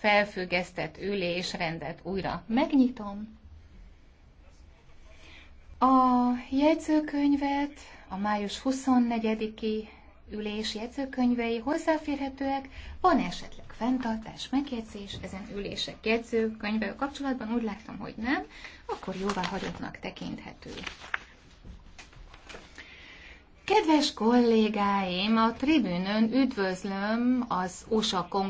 felfüggesztett ülésrendet újra megnyitom. A jegyzőkönyvet, a május 24-i ülés jegyzőkönyvei hozzáférhetőek, van esetleg fenntartás, megjegyzés ezen ülések jegyzőkönyvvel kapcsolatban, úgy láttam, hogy nem, akkor jóvá hagyottnak tekinthető. Kedves kollégáim, a tribünön üdvözlöm az USA kongresszus